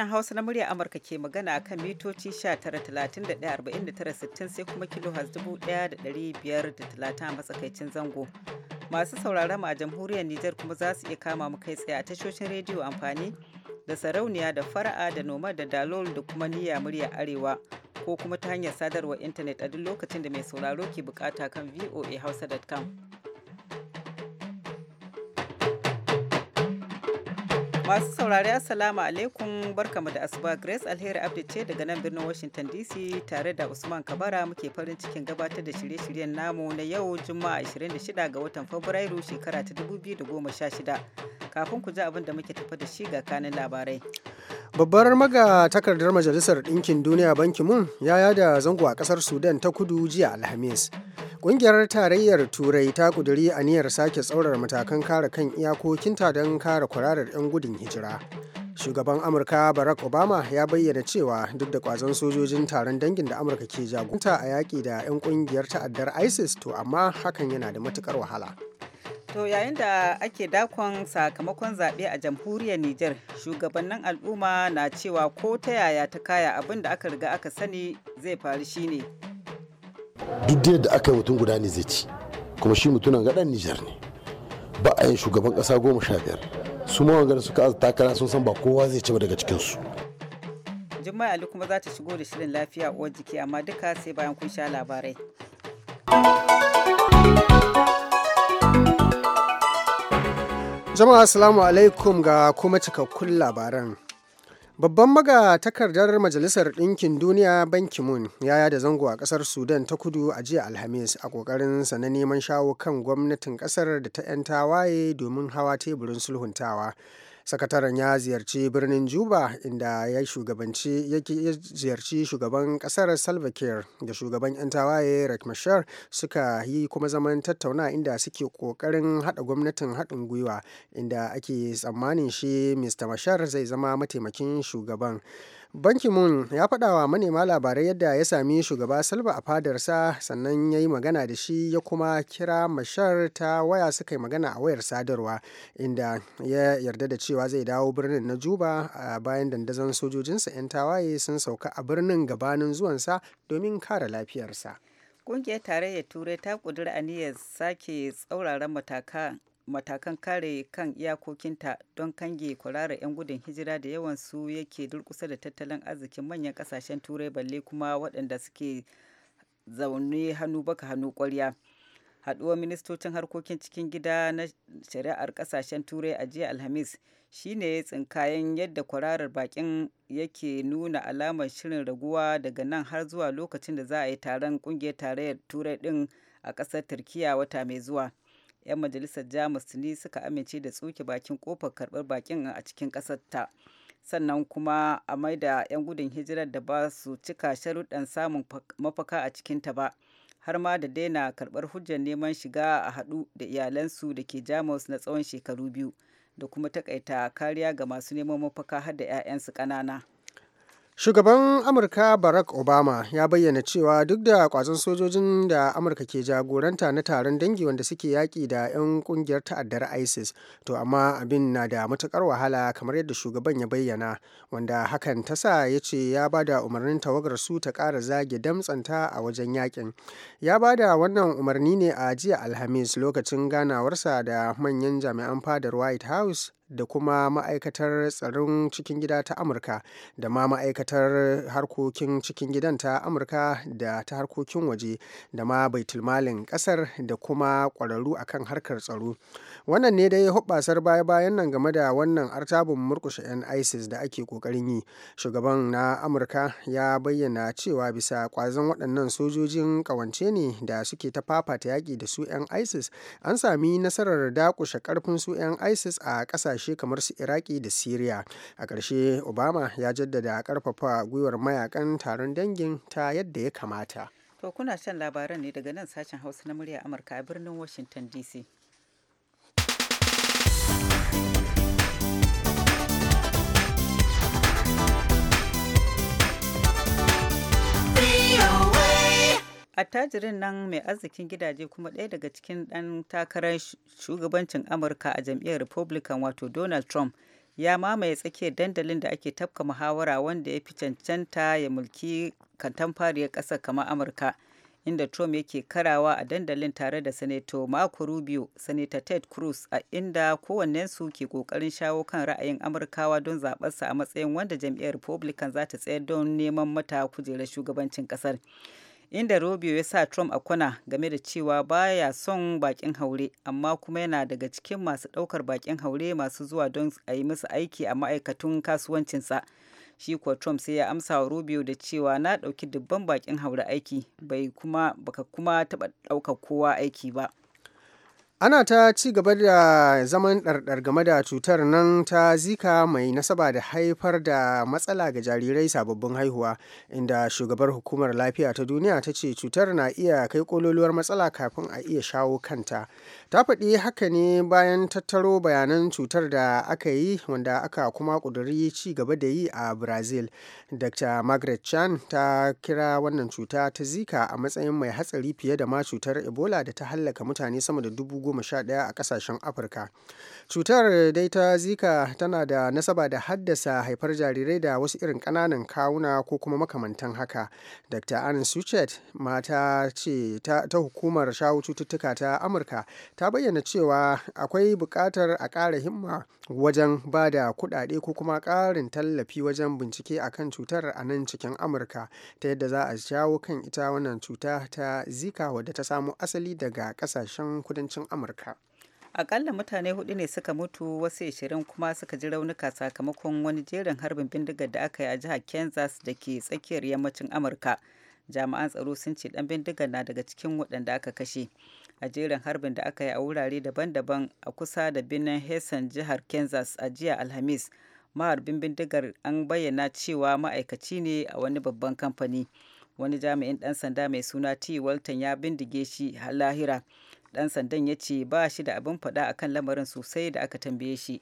Sashen Hausa na murya Amurka ke magana akan mitoci 19,31,49,60 sai kuma kilohaz 1,530 a matsakaicin zango. Masu sauraron mu a jamhuriyar Nijar kuma za su iya kama mu kai tsaye a tashoshin rediyo amfani da sarauniya da fara'a da noma da dalol da kuma niyya murya arewa ko kuma ta hanyar sadarwar intanet a duk lokacin da mai sauraro ke bukata kan voahausa.com. Masu saurari Assalamu alaikum barkamu da asuba Grace Alheri Abdi ce daga nan birnin Washington DC tare da Usman Kabara muke farin cikin gabatar da shirye-shiryen namu na yau Juma'a 26 ga watan Fabrairu shekara ta 2016. Kafin ku ji abin da muke tafa da shi ga kanin labarai. Babbar takardar Majalisar Ɗinkin Duniya Banki Mun ya yada zango a ƙasar Sudan ta kudu jiya Alhamis. Ƙungiyar Tarayyar Turai ta ƙuduri aniyar sake tsaurar matakan kare kan iyakokinta don kare kwararar 'yan gudun hijira. Shugaban Amurka Barack Obama ya bayyana cewa duk da kwazon sojojin taron dangin da Amurka ke jagunta a yaƙi da 'yan ƙungiyar ta'addar ISIS to amma hakan yana da matuƙar wahala. To yayin da ake dakon sakamakon zaɓe a jamhuriyar Nijar, shugabannin al'umma na cewa ko ta yaya ta kaya abin da aka riga aka sani zai faru shi ne. Duk yadda aka yi mutum guda ne zai ci, kuma shi mutunan gaɗan Nijar ne. Ba a yin shugaban ƙasa goma sha biyar. Su ka suka takara sun san ba kowa zai ci ba daga cikinsu. Jummai Ali kuma za ta shigo da shirin lafiya uwar jiki amma duka sai bayan kun sha labarai. Jama'a Assalamu alaikum ga kuma cikakkun labaran. Babban maga takardar Majalisar Ɗinkin Duniya Banki moon ya yada zango a ƙasar Sudan ta kudu a jiya Alhamis a sa na neman shawo kan gwamnatin ƙasar da ta 'yan tawaye domin hawa teburin sulhuntawa. sakataren ya ziyarci birnin juba inda ya shugabanci ya ziyarci shugaban kasar salva da shugaban yan tawaye riek mashar suka yi kuma zaman tattauna inda suke kokarin hada gwamnatin haɗin gwiwa inda ake tsammanin shi mr mashar zai zama mataimakin shugaban Banki moon ya faɗa wa manema labarai yadda ya sami shugaba salba a fadarsa sannan ya yi magana da shi ya kuma kira mashar ta waya suka yi magana a wayar sadarwa inda ya yarda da cewa zai dawo birnin na Juba a bayan dandazon sojojinsa 'yan tawaye sun sauka a birnin gabanin zuwansa domin kare lafiyarsa. Ƙungiyar Tarayyar Turai ta ƙudura aniyar sake tsauraran matakan matakan kare kan iyakokinta don kange kwararar 'yan gudun hijira da yawansu yake durkusa da tattalin arzikin manyan kasashen turai balle kuma waɗanda suke zaune hannu baka hannu kwarya haɗuwar ministocin harkokin cikin gida na shari'ar kasashen turai a jiya alhamis shine ne tsinkayen yadda kwararar bakin yake nuna alamar shirin raguwa daga nan har zuwa lokacin da za a yi taron kungiyar tarayyar turai din a ƙasar turkiya wata mai zuwa 'yan majalisar jamus ne suka amince da tsoke bakin kofar karbar bakin a cikin ƙasarta ta sannan kuma a maida 'yan gudun hijirar da ba su cika sharuɗan samun mafaka a cikin ta ba har ma da daina karbar hujjar neman shiga a haɗu da iyalansu da ke jamus na tsawon shekaru biyu da kuma takaita kariya ga masu neman mafaka har da 'ya'yansu ƙanana. Shugaban Amurka Barack Obama ya bayyana cewa duk da kwazon sojojin da Amurka ke jagoranta na taron dangi wanda suke yaƙi da 'yan ƙungiyar ta'addar ISIS, to amma abin na da matuƙar wahala kamar yadda shugaban ya bayyana, wanda hakan ta sa ya ce ya ba da umarnin tawagar su ta ƙara zage damtsanta a wajen yaƙin. Ya ba da wannan umarni ne a jiya Alhamis lokacin ganawarsa da manyan jami'an fadar White House da kuma ma'aikatar tsaron cikin gida ta amurka da ma ma'aikatar harkokin cikin gidan ta amurka da ta harkokin waje da ma baitulmalin kasar da kuma kwararru akan harkar tsaro wannan ne dai hubbasar baya-bayan nan game da wannan artabun murkushe 'yan isis da ake kokarin yi shugaban na amurka ya bayyana cewa bisa kwazon waɗannan sojojin kawance ne da suke ta fafata yaƙi da su 'yan isis an sami nasarar dakushe karfin su 'yan isis a ƙasashe kasashe kamar su iraki da syria a ƙarshe obama ya jaddada ƙarfafa gwiwar mayakan taron dangin ta yadda ya kamata to kuna shan labaran ne daga nan sashen hausa na murya amurka a birnin washington dc attajirin nan mai arzikin gidaje kuma ɗaya daga cikin ɗan takarar shugabancin amurka a jam'iyyar republican wato donald trump ya mamaye tsakiyar dandalin da ake tafka muhawara wanda ya fi cancanta ya mulki kantamfariyar ƙasar kamar amurka inda trump yake karawa a dandalin tare da sanato marco rubio sanata ted cruz a inda kowannensu ke kokarin shawo kan ra'ayin amurkawa don zaɓarsa a matsayin wanda jam'iyyar republican za ta tsayar don neman mata kujerar shugabancin ƙasar inda Rubio ya sa Trump a kwana game da cewa baya son bakin haure amma kuma yana daga cikin masu daukar bakin haure masu zuwa don a yi musu aiki a ma'aikatun kasuwancinsa. Shi kuwa Trump sai ya amsa wa Rubio da cewa na dauki dubban bakin haure aiki bai kuma baka kuma taba daukar kowa aiki ba. ana ta ci gaba da zaman ɗarɗar game da cutar nan ta zika mai nasaba da haifar da matsala ga jarirai sababbin haihuwa inda shugabar hukumar lafiya ta duniya ta ce cutar na iya kai kololuwar matsala kafin a iya shawo kanta ta faɗi haka ne bayan tattaro bayanan cutar da aka yi wanda aka kuma ƙuduri ci gaba da yi a brazil dr margaret chan ta kira wannan cuta ta zika a matsayin mai hatsari fiye da ma cutar ebola da ta hallaka mutane sama da dubu sha 2011 a kasashen afirka cutar dai ta zika tana da nasaba da haddasa haifar jarirai da wasu irin kananan kawuna ko kuma makamantan haka dr ann suchet mata ce ta, hukumar shawo cututtuka ta amurka ta bayyana cewa akwai bukatar a ƙara himma wajen ba da kudade ko kuma karin tallafi wajen bincike a kan cutar a nan cikin amurka ta yadda za a shawo kan ita wannan cuta ta zika wadda ta samu asali daga ƙasashen kudancin amurka amurka akalla mutane hudu ne suka mutu wasu ishirin kuma suka ji raunuka sakamakon wani jerin harbin bindigar da aka yi a jihar kansas da ke tsakiyar yammacin amurka jami'an tsaro sun ce dan bindigar na daga cikin waɗanda aka kashe a jerin harbin da aka yi a wurare daban-daban a kusa da birnin hessen jihar kansas a jiya alhamis maharbin bindigar an bayyana cewa ma'aikaci ne a wani babban kamfani wani jami'in ɗan sanda mai suna t walton ya bindige shi lahira dan sandan ya ce ba shi da abin faɗa akan lamarin sosai da aka tambaye shi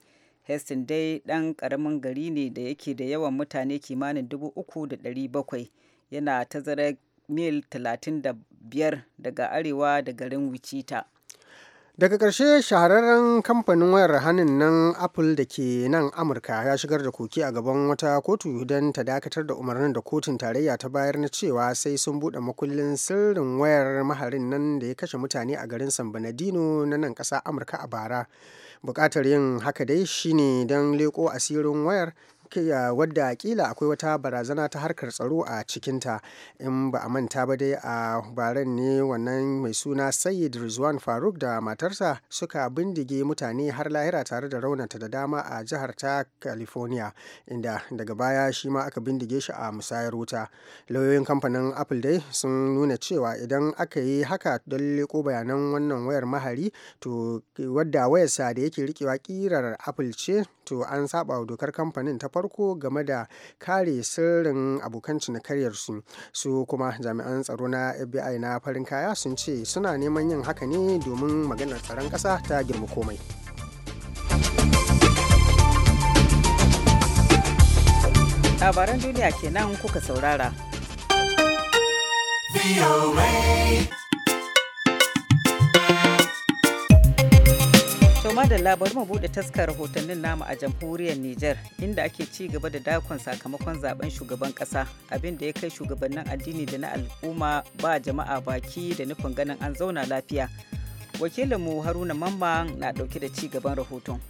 hastin dai dan karamin gari ne da yake da yawan mutane kimanin dubu uku da ɗari bakwai yana tazarar mil 35 daga arewa da garin wichita daga ƙarshe shahararren kamfanin wayar hannun nan apple da ke nan amurka ya shigar da koke a gaban wata kotu don ta dakatar da umarnin da kotun tarayya ta bayar na cewa sai sun buɗe makullin sirrin wayar maharin nan da ya kashe mutane a garin san banadino na nan ƙasa amurka a bara buƙatar yin haka dai shine don leƙo asirin wayar wadda kila akwai wata barazana ta harkar tsaro a cikinta in ba a manta ba dai a baran ne wannan mai suna sayid rizwan faruk da matarsa suka bindige mutane har lahira tare da raunata da dama a jihar ta california inda daga baya shi ma aka bindige shi a musayar wuta lauyoyin kamfanin apple dai sun nuna cewa idan aka yi haka don leko bayanan wannan wayar mahari to wadda wayarsa da yake rikewa kirar apple ce to an saba dokar kamfanin ta farko game da kare sirrin abokan cinikayyarsu su su kuma jami'an tsaro na fbi na farin kaya sun ce suna neman yin haka ne domin maganar tsaron ƙasa ta girma komai labaran duniya kenan kuka saurara. da labar mu bude taskar rahotannin namu a jamhuriyar Nijar inda ake ci gaba da dakon sakamakon zaben shugaban kasa abin da ya kai shugabannin addini da na al'umma ba jama'a baki da nufin ganin an zauna lafiya. Wakilinmu Haruna Mamman na dauke da ci gaban rahoton.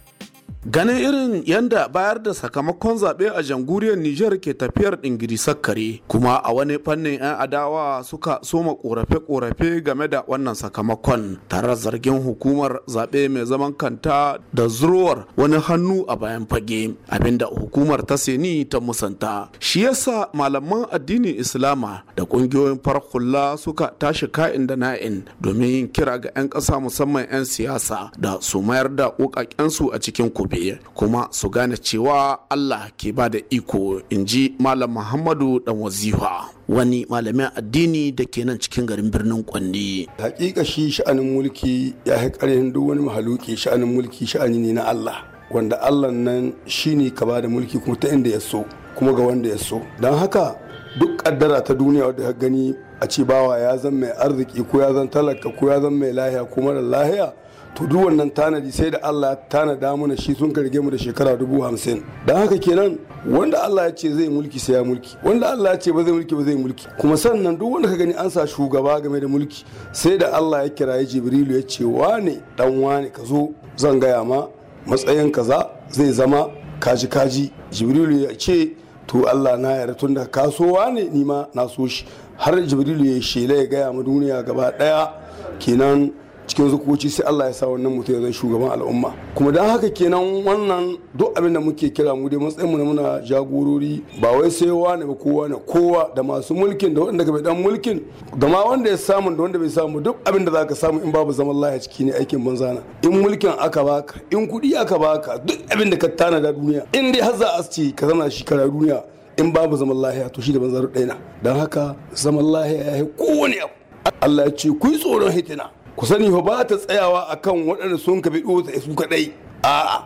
ganin irin yadda bayar da sakamakon zaɓe a jamhuriyar Nijar ke tafiyar ɗingiri sakkare kuma a wani fannin 'yan adawa suka soma ƙorafe-ƙorafe game da wannan sakamakon tare zargin hukumar zaɓe mai zaman kanta da zurowar wani hannu a bayan fage abinda hukumar ta seni ta musanta shi yasa malaman addinin islama da ƙungiyoyin farkulla suka tashi ka'in da na'in domin yin kira ga 'yan ƙasa musamman 'yan siyasa da su mayar da wukakensu a cikin gobe kuma su gane cewa Allah ke ba da iko in ji malam Muhammadu dan wazifa wani malamin addini da ke nan cikin garin birnin Kwanni. Hakika shi sha'anin mulki ya karin duk wani mahaluki sha'anin mulki sha'ani ne na Allah wanda Allah nan shine ka ba da mulki kuma ta inda ya so kuma ga wanda ya so don haka duk kaddara ta duniya wanda ka gani a ce bawa ya zan mai arziki ko ya zan talaka ko ya zan mai lahiya ko mara lahiya to duk wannan tanadi sai da Allah tanada mana shi sun karge mu da shekara dubu hamsin don haka kenan wanda Allah ya ce zai mulki sai ya mulki wanda Allah ya ce ba zai mulki ba zai mulki kuma sannan duk wanda ka gani an sa shugaba game da mulki sai da Allah ya kiraye Jibrilu ya ce wane dan wane ka zo zan gaya ma matsayin kaza zai zama kaji kaji Jibrilu ya ce to Allah na yarda tun da kasowa ne ni ma na so shi har Jibrilu ya shela ya gaya ma duniya gaba daya kenan cikin zukuci sai Allah ya sa wannan mutum ya zama shugaban al'umma kuma dan haka kenan wannan duk abin da muke kira mu dai matsayin mu na muna jagorori ba wai sai wani ba kowa ne kowa da masu mulkin da wanda bai dan mulkin da ma wanda ya samu da wanda bai samu duk abin da zaka samu in babu zaman ya ciki ne aikin na. in mulkin aka baka in kuɗi aka baka duk abin da ka tana da duniya in dai har za a ce ka zama shekara duniya in babu zaman lahiya to shi da banza ɗaya na don haka zaman lahiya ya yi kowane abu Allah ya ce ku yi tsoron hitina ku sani ba ta tsayawa akan waɗanda sun ka bi su kaɗai a'a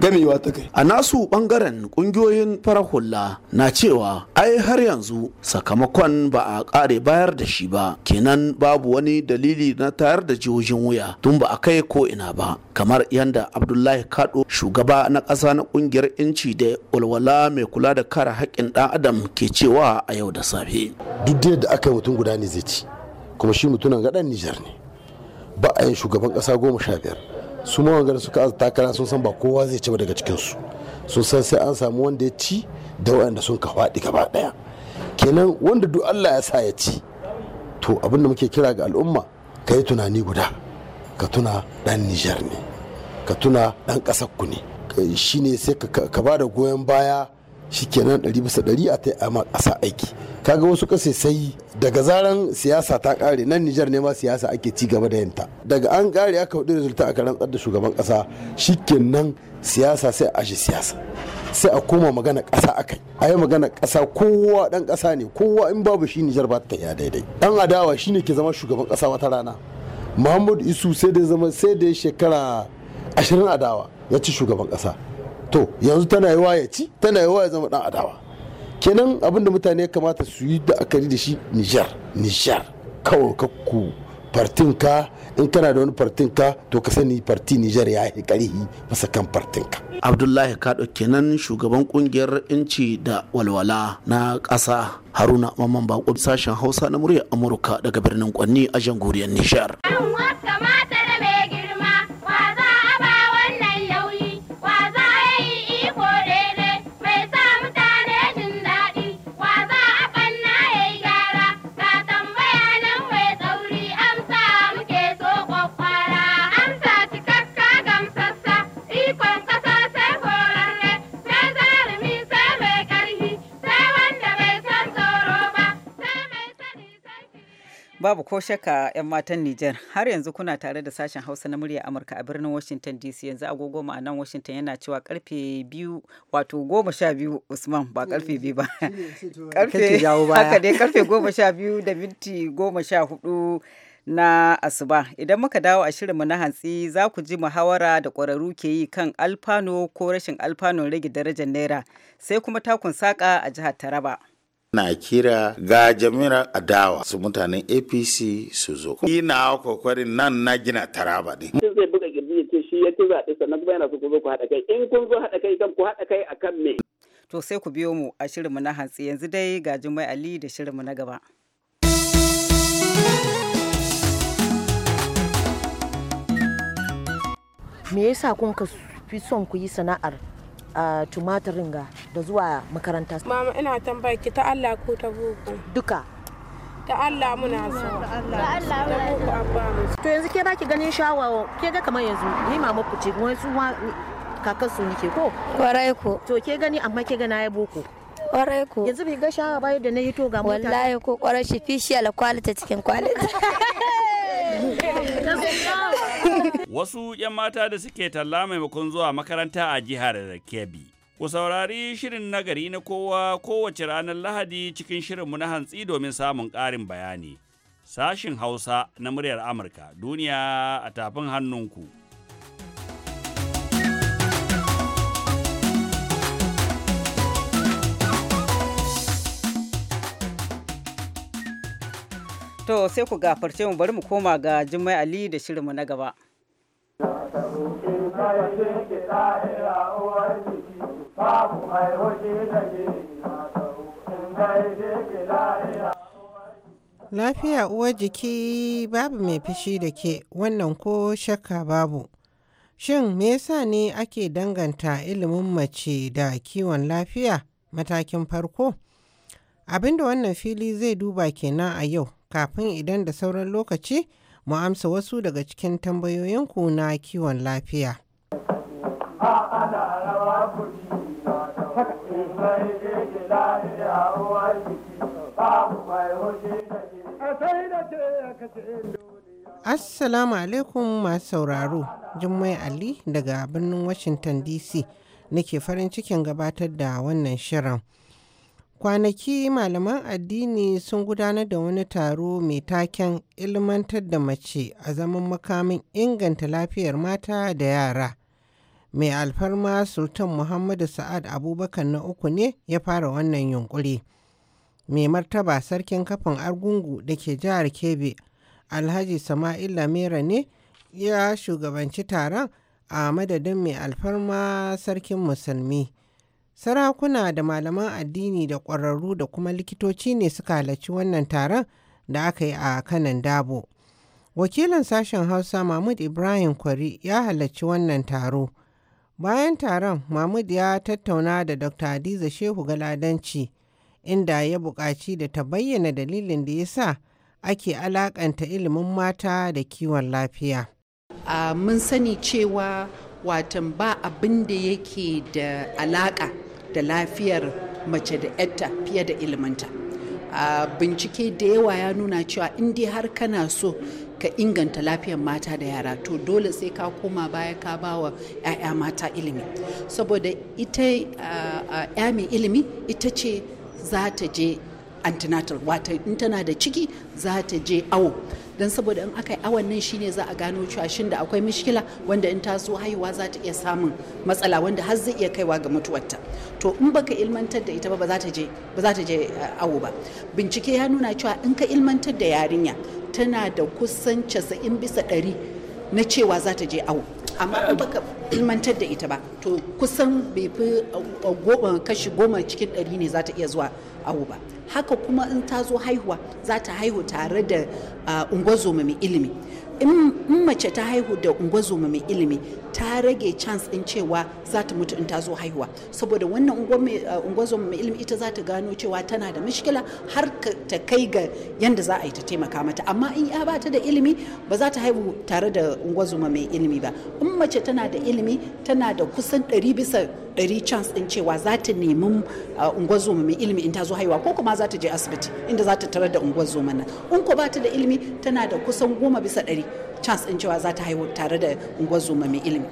gamewa ta kai. A nasu ɓangaren ƙungiyoyin farar hula na cewa ai har yanzu sakamakon ba a ƙare bayar da shi ba kenan babu wani dalili na tayar da jihohin wuya tun ba a kai ko ina ba kamar yadda Abdullahi Kado shugaba na ƙasa na ƙungiyar inci da walwala mai kula da kare haƙƙin ɗan adam ke cewa a yau da safe. Duk da aka yi mutum guda ne zai ci kuma shi mutumin gaɗan Nijar ne. ba shugaban kasa goma sha biyar su ma wangar suka aza takara sun san ba kowa zai ci ba daga cikinsu sun san sai an samu wanda ya ci da waɗanda sun ka faɗi gaba ɗaya kenan wanda duk allah ya sa ya ci to abin da muke kira ga al'umma ka yi tunani guda ka tuna ɗan nijar ne ka tuna ɗan ƙasar ku ne shi ne sai ka ba da goyon baya shi kenan ɗari bisa ɗari a ta ma ƙasa aiki kaga wasu ƙasa sai daga zaran siyasa ta kare nan Nijar ne ma siyasa ake ci gaba da yinta daga an kare aka hudu rezulta aka rantsar da shugaban kasa shikenan siyasa sai a shi siyasa sai a koma magana kasa akai a yi magana kasa kowa dan kasa ne kowa in babu shi Nijar ba ta ya daidai dan adawa shine ke zama shugaban kasa wata rana Muhammadu Isu sai da zama sai da shekara 20 adawa ya ci shugaban kasa to yanzu tana wa ya ci tana wa ya zama dan adawa kenan abinda mutane kamata su yi da akari da shi nijar nijar kawai ka ku fartinka in kana da wani fartin ka to ka sani farti Nijar ya yi karihi masa kan fartinka. Abdullahi Kado kenan shugaban kungiyar inci da walwala na ƙasa Haruna Mamman Bako sashen Hausa na murya Amurka daga birnin Kwanni a jangoriyar Nijar. Babu ko shakka 'yan matan Nijar har yanzu kuna tare da sashen Hausa na murya Amurka a birnin Washington DC yanzu agogo a nan Washington yana cewa karfe biyu wato goma sha biyu Usman ba karfe biyu ba. Karfe haka dai karfe goma sha biyu da minti goma sha hudu na asuba idan muka dawo a shirinmu na hantsi za ku ji muhawara da ƙwararru ke yi kan alfano ko rashin alfanun rage darajar naira sai kuma takun saƙa a jihar taraba. na kira ga jami'ar adawa su mutanen apc su zo ina kokarin nan na gina taraba ne zai buga girbi ya ce shi ya ci zaɓe sannan kuma yana so ku zo ku haɗa kai in kun zo haɗa kai kan ku haɗa kai akan me to sai ku biyo mu a shirinmu na hantsi yanzu dai ga jimai ali da shirin mu na gaba me yasa kun ka fi son ku yi sana'ar tumatirin ga da zuwa makaranta mama ina tambaya ki ta Allah ko ta boko duka ta Allah muna so ta Allah muna so abba to yanzu ke ba ki ganin shawawa ke ga kamar yanzu ni mama ku ce wai su ma kakan su nike ko kwarai ko to ke gani amma ke ga na ya boko kwarai ko yanzu bai ga shawa bayo da na hito ga mutane wallahi ko kwarai shi fishiyal quality cikin quality Wasu 'yan mata da suke talla maimakon zuwa makaranta a jihar Kebbi. Ku saurari shirin nagari na kowa kowace ranar Lahadi cikin shirinmu na hantsi domin samun ƙarin bayani. Sashin Hausa na muryar Amurka, duniya a tafin hannunku. To sai ku gafarce mu bari mu koma ga Jummai Ali da shirinmu na gaba. Lafiya uwar jiki babu mai fushi da ke wannan ko shakka babu. Shin me yasa ne ake danganta ilimin mace da kiwon lafiya matakin farko? Abinda wannan fili zai duba kenan a yau kafin idan da sauran lokaci mu amsa wasu daga cikin tambayoyinku na kiwon lafiya. Assalamu alaikum masu sauraro, Jummai Ali daga birnin Washington DC nake farin cikin gabatar da wannan shirin. Kwanaki malaman addini sun gudanar da wani taro mai taken ilmantar da mace a zaman makamin inganta lafiyar mata da yara. Mai alfarma Sultan Muhammadu Sa'ad Abubakar na uku ne ya fara wannan yunkuri. Mai martaba sarkin kafin argungu da ke jihar Kebe. Alhaji Sama'il Lamira ne ya shugabanci taron a madadin mai alfarma sarkin musulmi. Sarakuna da malaman addini da ƙwararru da kuma likitoci ne suka halarci wannan taron da aka yi a kanan dabo. Wakilin sashen Hausa Mahmud Ibrahim Kwari ya halarci wannan taro. Bayan taron, Mahmud ya tattauna da Dr. Hadiza Shehu Galadanci, inda ya buƙaci da ta bayyana dalilin da ya sa ake alaƙanta ilimin mata da kiwon lafiya. Mun sani cewa watan ba abin da yake da alaƙa da lafiyar mace da yatta fiye da iliminta a bincike da yawa ya nuna cewa in dai har kana so ka inganta lafiyar mata da yara to dole sai ka koma baya ka ba wa 'ya'ya mata ilimi saboda ita 'ya mai ilimi ita ce za ta je antenatal wata in tana da ciki za ta je awo don saboda in aka yi awan nan shine za a gano cewa shin da akwai mishkila wanda in ta zo haihuwa za ta iya samun matsala wanda har zai iya kaiwa ga mutuwarta to in baka ilmantar da ita ba za ta je ba za ta je eh, awo ba bincike ya nuna cewa in ka ilmantar da yarinya tana da kusan 90 bisa ɗari na cewa za ta je awo amma in baka ilmantar da ita ba to kusan bai fi eh, kashi goma cikin ɗari ne za ta iya zuwa awo ba haka kuma in ta zo haihuwa za ta haihu tare da ah, ungozoma mai ilimi in mace ta haihu da ungozoma mai ilimi ta rage chance din cewa za ta mutu in ta zo haihuwa saboda wannan ungozoma eh, mai ilimi ita za ta gano cewa tana da mashkila har ta kai ga yadda za a yi ta taimaka mata amma in ya ba ta da ilimi ba za ta haihu tare da ungozoma mai ilimi ba in mace tana da ilimi tana da kusan ɗari bisa ɗari chance din cewa za ta nemi eh, ungozoma mai ilimi in ta zo haihuwa ko kuma za ta je asibiti inda za ta tarar da ungozoma nan in ko ba ta da ilimi tana da kusan goma bisa ɗari chance in cewa za ta haihu tare da ungozuma mai ilimi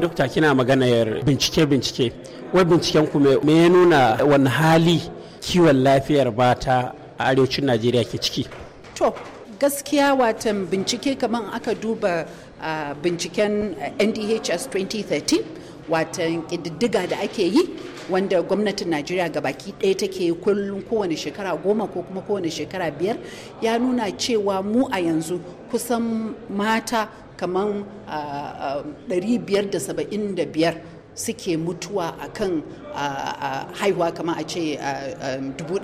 dokta kina maganar bincike bincike wai binciken ku me ya nuna wani hali kiwon lafiyar bata a arewacin najeriya ke ciki to gaskiya watan bincike kamar aka duba ah, binciken eh, ndhs 2013 watan ƙididdiga da ake yi wanda gwamnatin najeriya gabaki ɗaya take kullum kowane shekara goma ko kuma kowane shekara biyar ya nuna cewa mu a yanzu kusan mata kamar ah, ah, biyar suke mutuwa a kan ah, haihuwa kamar a ce dubu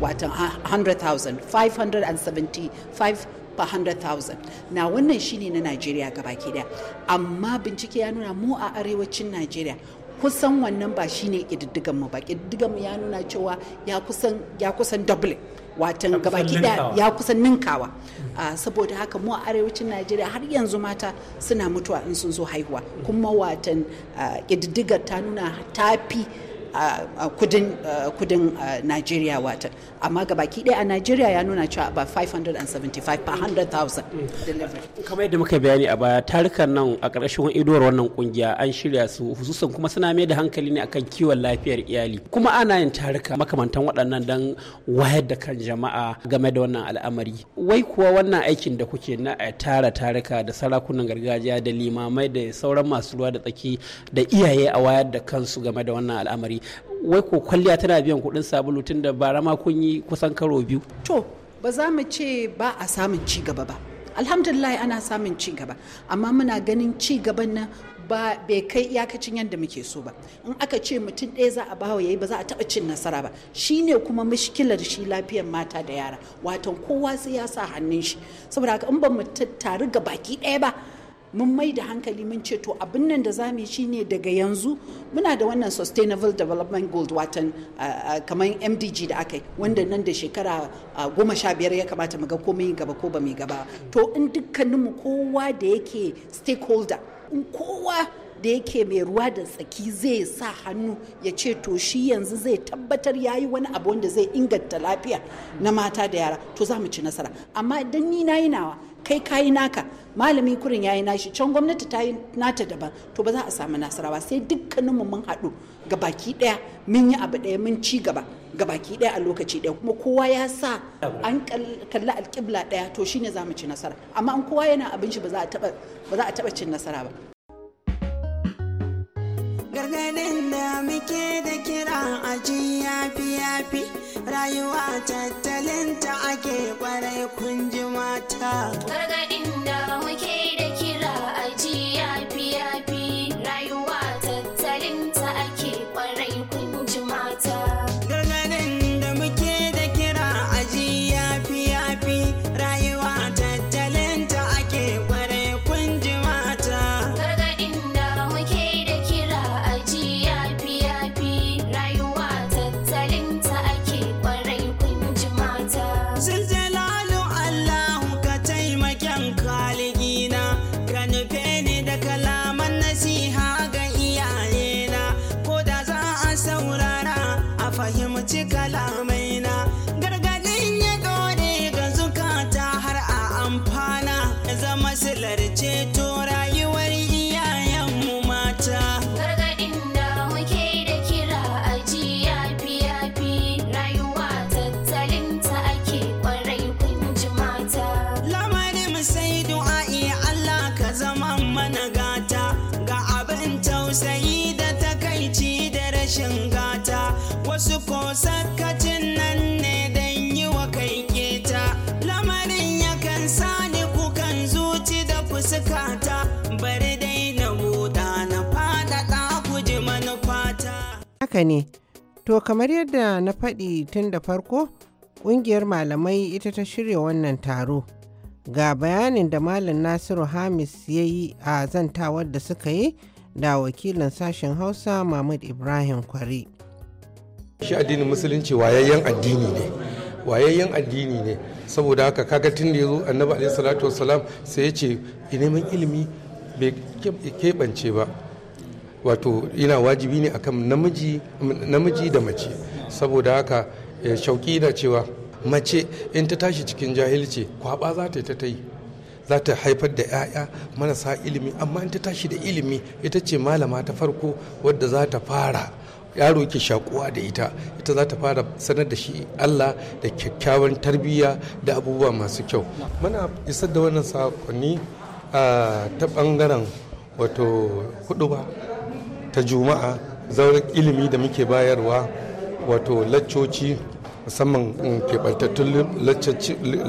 watan 100,000 575 per 100,000 na wannan shine na najeriya gabaki daya amma bincike ya nuna mu a arewacin najeriya kusan wannan ba shine ƙididdigan mu ba ƙididdigan ya nuna cewa ya kusan ya kusan watan gabaki da ya kusan ninkawa ah, saboda haka mu a arewacin najeriya har yanzu mata suna mutuwa in sun zo haihuwa kuma watan ah, ƙididdigar ta nuna tafi a kudin Najeriya wata amma gabaki ɗaya a Najeriya ya nuna cewa ba 575 per 100,000 Kamar yadda muka bayani a baya tarukan nan a ƙarshen idowar wannan kungiya an shirya su hususan kuma suna mai da hankali ne akan kiwon lafiyar iyali kuma ana yin tarika makamantan waɗannan don wayar da kan jama'a game da wannan al'amari. Wai kuwa wannan aikin da kuke na eh, tara tarika da sarakunan gargajiya da limamai da sauran masu ruwa da tsaki da iyaye a wayar da kansu game da wannan al'amari wai ko kwalliya tana biyan kuɗin sabulu tun da bara ma kun yi kusan karo biyu to ba za mu ce ba a samun ci gaba ba alhamdulillah ana samun ci gaba amma muna ganin ci gaban nan ba bai kai iyakacin yadda muke so ba in aka ce mutum ɗaya za a bawa yayi ba za a taɓa cin nasara ba shine kuma mishkilar shi lafiyar mata da yara watan kowa sai ya sa hannun shi saboda haka in ba mu tattaru ga baki ɗaya ba mun mai da hankali mun ce to abin nan da zamu yi shine daga yanzu muna da wannan sustainable development goal watan kamar mdg da aka yi wanda nan da shekara goma sha biyar ya kamata mu ga ko mun gaba ko ba mu gaba to in dukkaninmu kowa da yake stakeholder in kowa da yake mai ruwa da tsaki zai sa hannu ya ce to shi yanzu zai tabbatar ya yi wani abu wanda zai inganta lafiya na mata da yara to za mu ci nasara amma idan ni na yi nawa kai kayi naka malami kurin yayi nashi can gwamnati ta yi nata daban to ba za a samu nasarawa sai dukkaninmu mun haɗu ga baki ɗaya mun yi abu ɗaya mun ci gaba ga baki ɗaya a lokaci ɗaya kuma kowa ya sa an kalli alƙibla ɗaya to shine za mu ci nasara amma an kowa yana abin shi ba za a taɓa cin nasara ba gargadin da muke da kira aji yafi yafi rayuwa tattalin ta ake kwarai kun ji mata gargadin da muke da Haka ne, to kamar yadda na faɗi tun da farko, ƙungiyar malamai ita ta shirya wannan taro. Ga bayanin da Malam Nasiru Hamis ya yi a zantawar da suka yi da wakilin sashen Hausa Mahmud Ibrahim Kwari. Shi addinin Musulunci wayayyen addini ne. wayayyen addini ne saboda haka kaga tun da ya zo annabi alaihi salatu wasalam sai ya ce neman ilimi bai keɓance ba wato yana wajibi ne akan namiji namiji da mace saboda haka eh, shauki na cewa mace in ta tashi cikin jahilci kwaba za ta yi ta yi za ta haifar da 'ya'ya marasa ilimi amma in ta tashi da ilimi ita ce malama ta farko wadda za ta fara yaro ke shakuwa da ita ita za ta fara sanar da shi Allah da kyakkyawan tarbiyya da abubuwa masu kyau muna isar da wannan sakonni ah, ta bangaren wato hudu ta juma'a zauren ilimi da muke bayarwa wato laccoci musamman mm, keɓantattun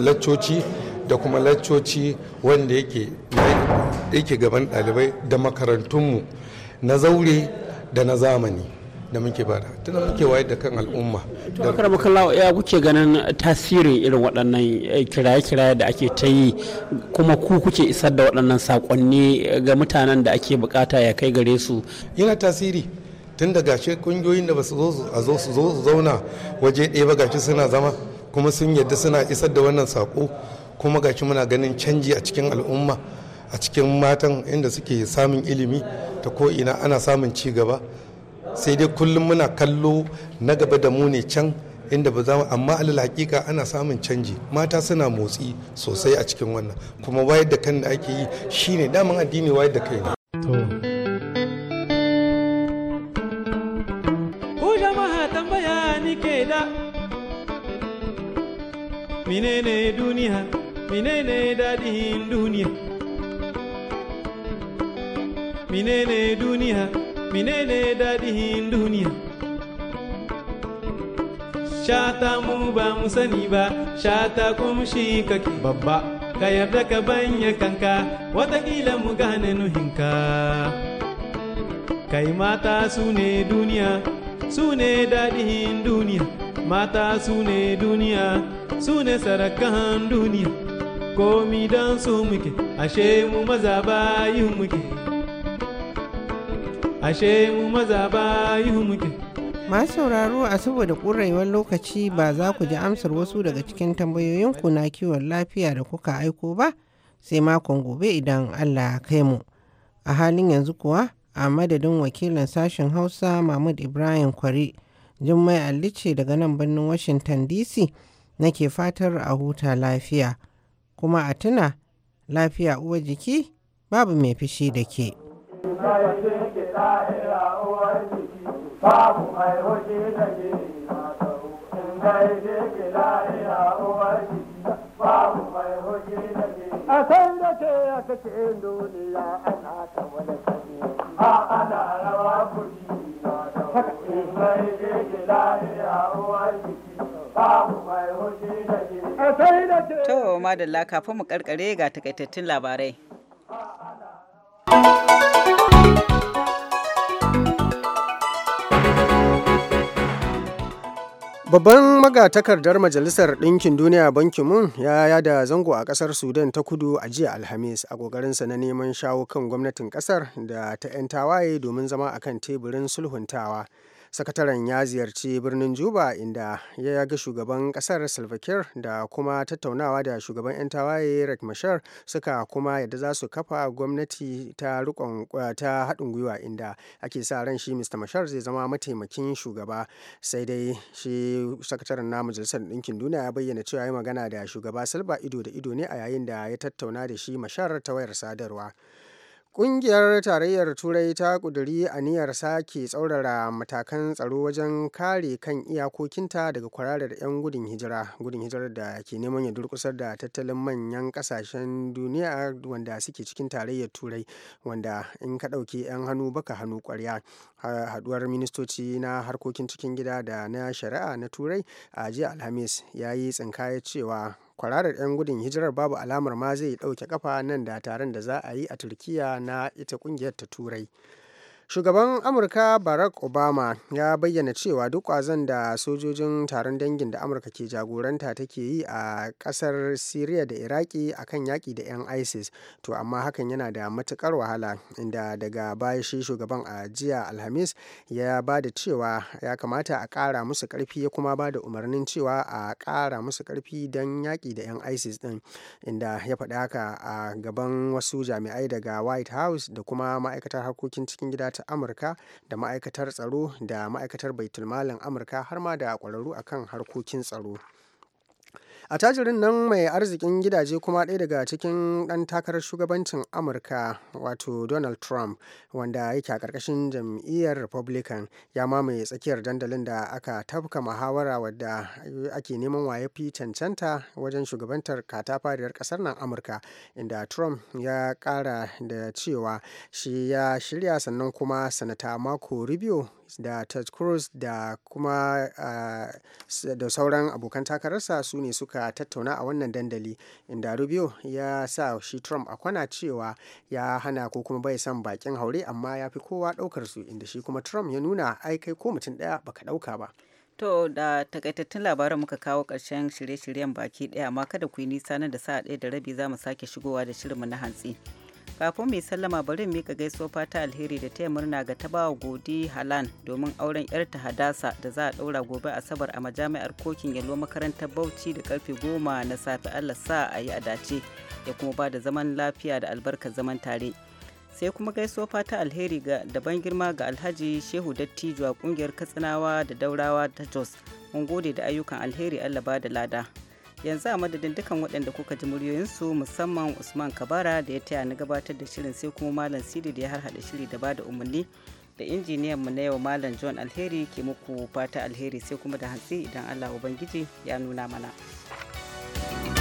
laccoci da kuma laccoci wanda yake gaban ɗalibai da makarantunmu na zaure da na zamani da muke bada tunan muke wayar da kan al'umma to akar makalla ya kuke ganin tasirin irin waɗannan eh, kiraye-kiraye da ake ta yi kuma ku kuke isar da waɗannan sakonni eh, ga mutanen da ake bukata ya kai gare su yana tasiri tun da gashi kungiyoyin da ba su zo su zauna waje ɗaya ba gashi suna zama kuma sun yadda suna isar da wannan sako kuma gashi muna ganin canji a cikin al'umma a cikin matan inda suke samun ilimi ta ko ina ana samun ci gaba sai dai kullum muna kallo na gaba da mu ne can inda ba za mu amma alal hakika ana samun canji mata suna motsi sosai a cikin wannan kuma wayar da kan da ake yi shine daman addini wayar da kai ne minene duniya minene dadin duniya menene duniya menene daɗin duniya shata mu ba mu sani ba shata kuma shi kake babba ka yarda ka banya kanka watakila mu gane nuhinka kai mata su ne duniya su ne daɗin duniya mata su ne duniya su ne sarakan duniya komi don su muke ashe mu maza yi muke ashe mu maza ba yi muke. Masu sauraro a saboda ƙurewar lokaci ba za ku ji amsar wasu daga cikin tambayoyinku na kiwon lafiya da kuka aiko ba sai makon gobe idan Allah kai mu. A halin yanzu kuwa a madadin wakilin sashen Hausa Mahmud Ibrahim Kwari Jummai allice daga nan birnin Washington DC nake fatar a huta lafiya. Kuma a tuna lafiya uwa jiki babu mai fishi da ke. lahira uwar babu mai ke a san da ke kake duniya ana ta wani a ana rawa kuɗi uwar jiki babu mai hoji da ke To, madalla kafin mu karkare ga takaitattun labarai. Thank Babban magatakardar Majalisar Ɗinkin Duniya Banki Mun ya yada zango a ƙasar Sudan ta kudu a jiya Alhamis a ƙoƙarinsa na neman shawo kan gwamnatin ƙasar da ta 'yan tawaye domin zama a kan teburin sulhuntawa. sakataren ya ziyarci birnin juba inda ya ga shugaban kasar salva da kuma tattaunawa da shugaban 'yan tawaye rek mashar suka kuma yadda za su kafa gwamnati ta rikon ta haɗin gwiwa inda ake sa ran shi mr mashar zai zama mataimakin shugaba sai dai shi sakataren na majalisar ɗinkin duniya ya bayyana cewa ya magana da shugaba salva ido da ido ne a yayin da ya tattauna da shi mashar ta wayar sadarwa Ƙungiyar Tarayyar Turai ta ƙuduri aniyar sake tsaurara matakan tsaro wajen kare kan iyakokinta daga kwararar 'yan gudun hijira, gudun hijirar da ke neman ya durƙusar da tattalin manyan ƙasashen duniya wanda suke cikin Tarayyar Turai, wanda in ka ɗauki 'yan hannu baka hannu ƙwarya. Haɗuwar ministoci na harkokin cikin gida da na shari'a na Turai a jiya Alhamis ya yi tsinkaya cewa kwararar 'yan gudun hijirar babu alamar ma zai ɗauke kafa nan da taron da za a yi a turkiya na ita kungiyar ta turai Shugaban Amurka Barack Obama ya bayyana cewa duk ƙwazon da sojojin taron dangin da Amurka ke jagoranta take yi a kasar syria da Iraki a kan yaƙi da 'yan ISIS, to amma hakan yana da matukar wahala, inda daga baya shi shugaban a jiya Alhamis ya ba da cewa ya kamata a ƙara musu ƙarfi ya kuma ba da umarnin cewa a kara musu karfi don yaƙi da 'yan ISIS ɗin, inda ya faɗi haka a gaban wasu jami'ai daga White House da kuma ma'aikatar harkokin cikin gida ta amurka da ma'aikatar tsaro da ma'aikatar baitulmalin amurka har ma da kwararru akan harkokin tsaro Attajirin nan mai arzikin gidaje kuma ɗaya daga cikin ɗan takarar shugabancin Amurka wato Donald Trump wanda yake a ƙarƙashin jam'iyyar Republican ya mamaye tsakiyar dandalin da aka tafka muhawara wadda ake neman waye fi cancanta wajen shugabantar katafariyar ƙasar nan Amurka inda Trump ya ƙara da cewa shi ya shirya sannan kuma sanata mako Rubio da ted cruz da kuma ah, da sauran abokan takararsa su ne suka tattauna a wannan dandali inda rubio ya sa shi trump a kwana cewa ya hana ko kuma bai son bakin haure amma ya fi kowa daukar su inda shi kuma trump ya nuna ai kai ko mutum daya baka dauka ba To da takaitattun labaran muka kawo ƙarshen shirye-shiryen baki ɗaya amma kada ku yi nisa nan da sa'a ɗaya da rabi za mu sake shigowa da shirinmu na hantsi. kafin mai sallama bari mika gaisuwa fata alheri da taya murna ga tabawa godi halan domin auren yarta hadasa da za a daura gobe asabar a majami'ar kokin yalwa makarantar bauchi da karfe goma na safe allah sa a yi a dace da kuma ba da zaman lafiya da albarkar zaman tare sai kuma gaisuwa fata alheri ga daban girma ga alhaji shehu dattijuwa a kungiyar katsinawa da daurawa ta jos mun gode da ayyukan alheri allah ba da lada yanzu a madadin dukkan waɗanda kuka ji muryoyinsu musamman usman kabara da ya taya na gabatar da shirin sai kuma malam sidi da ya harhaɗa shiri da bada umarni da injiniyan mu na yau malam john alheri ke muku fata alheri sai kuma da hantsi idan allah ubangiji ya nuna mana.